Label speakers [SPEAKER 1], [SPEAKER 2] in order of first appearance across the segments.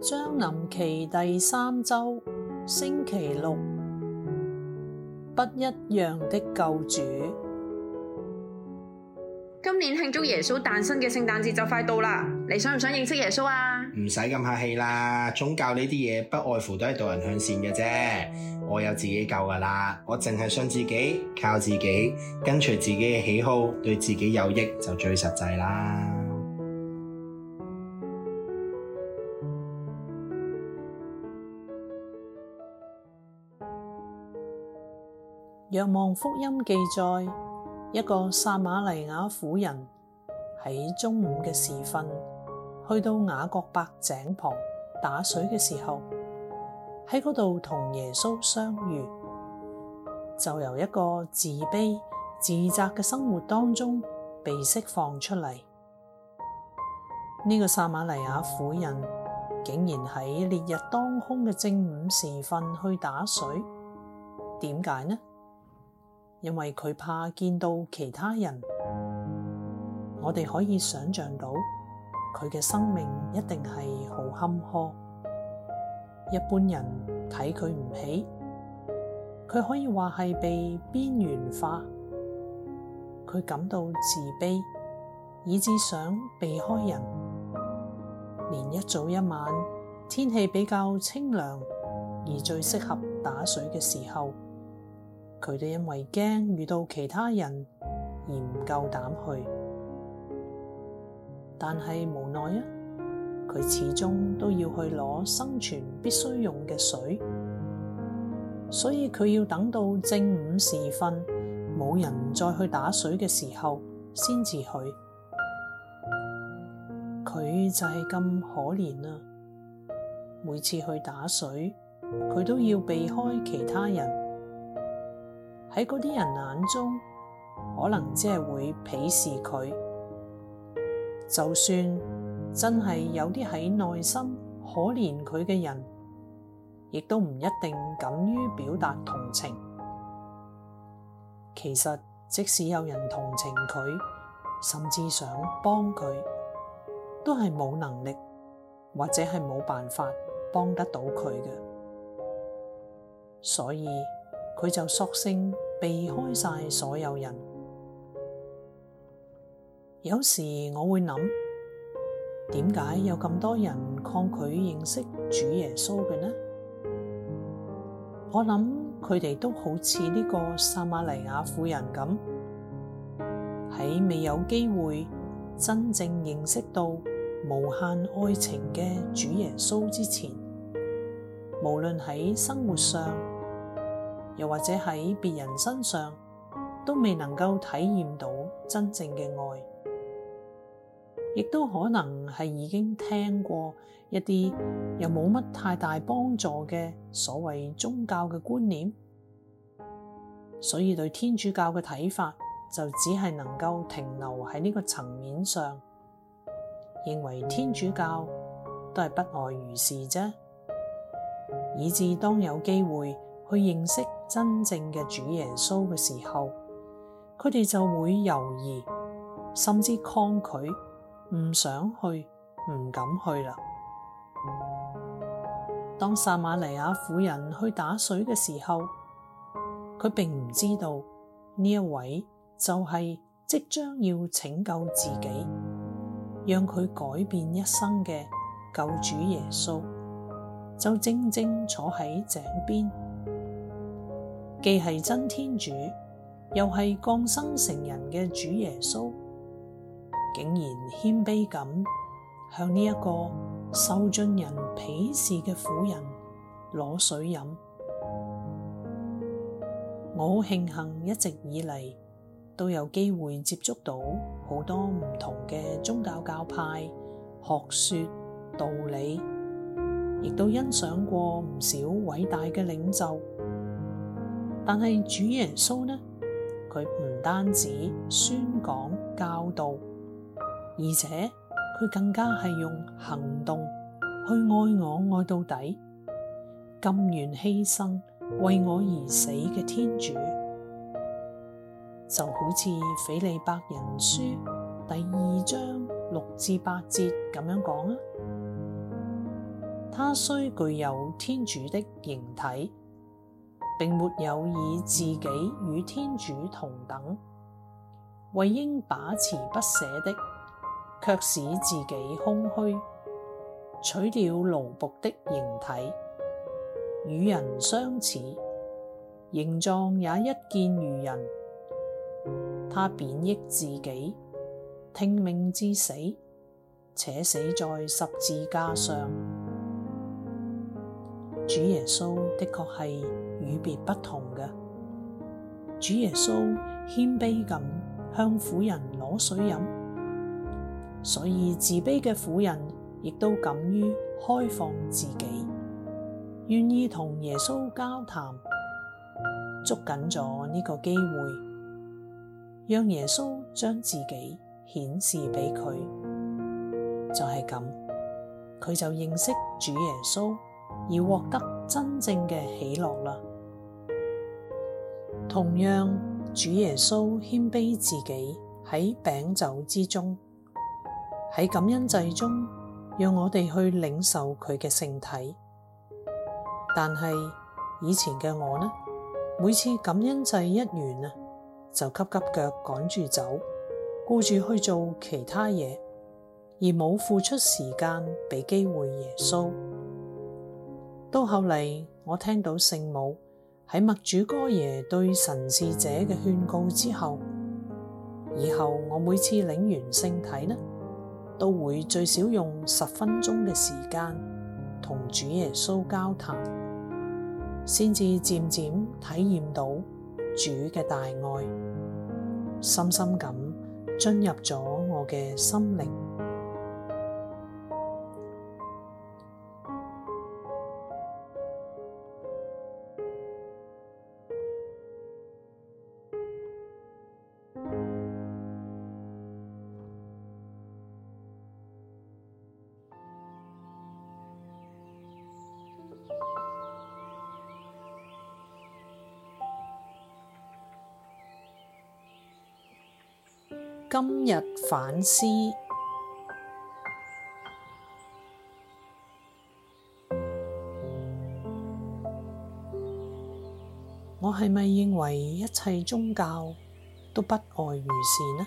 [SPEAKER 1] 將臨期第三周，星期六，不一樣的救主。今年慶祝耶穌誕生嘅聖誕節就快到啦，你想唔想認識耶穌啊？唔使咁客氣啦，宗教呢啲嘢不外乎都係導人向善嘅啫。我有自己救噶啦，我淨係信自己，靠自己，跟隨自己嘅喜好，對自己有益就最實際啦。《若望福音》記載，一個撒瑪黎雅婦人喺中午嘅時分去到雅各伯井旁打水嘅時候，喺嗰度同耶穌相遇，就由一個自卑自責嘅生活當中被釋放出嚟。呢、這個撒瑪黎雅婦人竟然喺烈日當空嘅正午時分去打水，點解呢？因為佢怕見到其他人，我哋可以想象到佢嘅生命一定係好坎坷。一般人睇佢唔起，佢可以話係被邊緣化，佢感到自卑，以致想避開人。連一早一晚天氣比較清涼而最適合打水嘅時候，佢哋因為驚遇到其他人而唔夠膽去，但係無奈啊，佢始終都要去攞生存必須用嘅水，所以佢要等到正午時分冇人再去打水嘅時候先至去。佢就係咁可憐啦，啊，每次去打水，佢都要避開其他人。喺嗰啲人眼中，可能只係會鄙視佢。就算真係有啲喺內心可憐佢嘅人，亦都唔一定敢於表達同情。其實，即使有人同情佢，甚至想幫佢，都係冇能力或者係冇辦法幫得到佢嘅。所以。佢就索性避開晒所有人。有時我會諗，點解有咁多人抗拒認識主耶穌嘅呢？我諗佢哋都好似呢個撒瑪黎雅婦人咁，喺未有機會真正認識到無限愛情嘅主耶穌之前，無論喺生活上。又或者喺別人身上都未能夠體驗到真正嘅愛，亦都可能係已經聽過一啲又冇乜太大幫助嘅所謂宗教嘅觀念，所以對天主教嘅睇法就只係能夠停留喺呢個層面上，認為天主教都係不外如是啫，以致當有機會。去認識真正嘅主耶穌嘅時候，佢哋就會猶豫，甚至抗拒，唔想去，唔敢去啦。當撒瑪黎雅婦人去打水嘅時候，佢並唔知道呢一位就係即將要拯救自己，讓佢改變一生嘅救主耶穌，就正正坐喺井邊。既係真天主，又係降生成人嘅主耶穌，竟然謙卑咁向呢一個受盡人鄙視嘅婦人攞水飲。我好慶幸一直以嚟都有機會接觸到好多唔同嘅宗教教派學說、道理，亦都欣賞過唔少偉大嘅領袖。但係主耶穌呢？佢唔單止宣講教導，而且佢更加係用行動去愛我，愛到底，甘願犧牲為我而死嘅天主，就好似斐理伯人書第二章六至八節咁樣講啊！他雖具有天主的形體。並沒有以自己與天主同等，為應把持不捨的，卻使自己空虛，取了奴僕的形體，與人相似，形狀也一見如人。他貶抑自己，聽命至死，且死在十字架上。主耶穌的確係與別不同嘅。主耶穌謙卑咁向婦人攞水飲，所以自卑嘅婦人亦都敢於開放自己，願意同耶穌交談，捉緊咗呢個機會，讓耶穌將自己顯示俾佢，就係咁，佢就認識主耶穌。而獲得真正嘅喜樂啦。同樣，主耶穌謙卑自己喺餅酒之中，喺感恩祭中，讓我哋去領受佢嘅聖體。但係以前嘅我呢，每次感恩祭一完啊，就急急腳趕住走，顧住去做其他嘢，而冇付出時間俾機會耶穌。到後嚟，我聽到聖母喺默主歌耶對神視者嘅勸告之後，以後我每次領完聖體呢，都會最少用十分鐘嘅時間同主耶穌交談，先至漸漸體驗到主嘅大愛，深深咁進入咗我嘅心靈。今日反思，我係咪認為一切宗教都不外如是呢？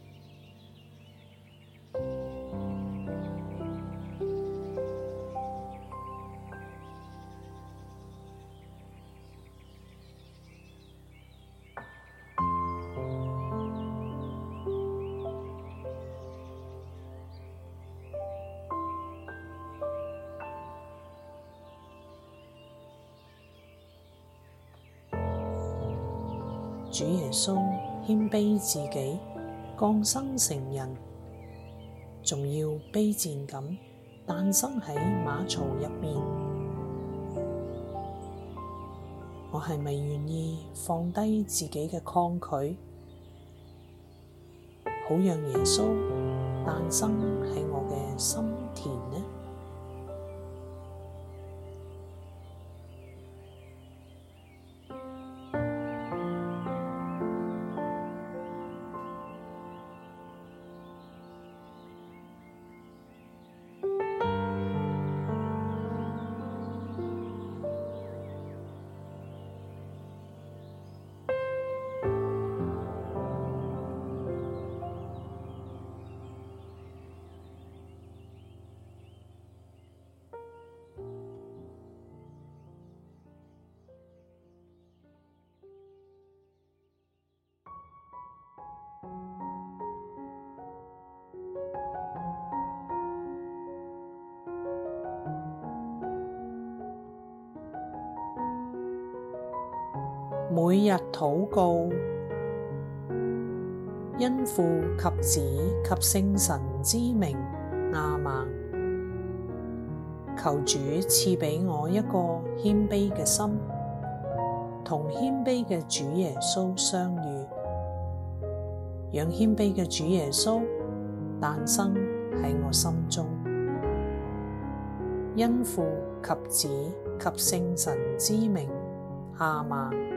[SPEAKER 1] 主耶穌謙卑自己，降生成人，仲要卑賤咁誕生喺馬槽入面。我係咪願意放低自己嘅抗拒，好讓耶穌誕生喺我嘅心田呢？每日禱告，因父及子及聖神之名，亞孟。求主賜畀我一個謙卑嘅心，同謙卑嘅主耶穌相遇，讓謙卑嘅主耶穌誕生喺我心中。因父及子及聖神之名，亞孟。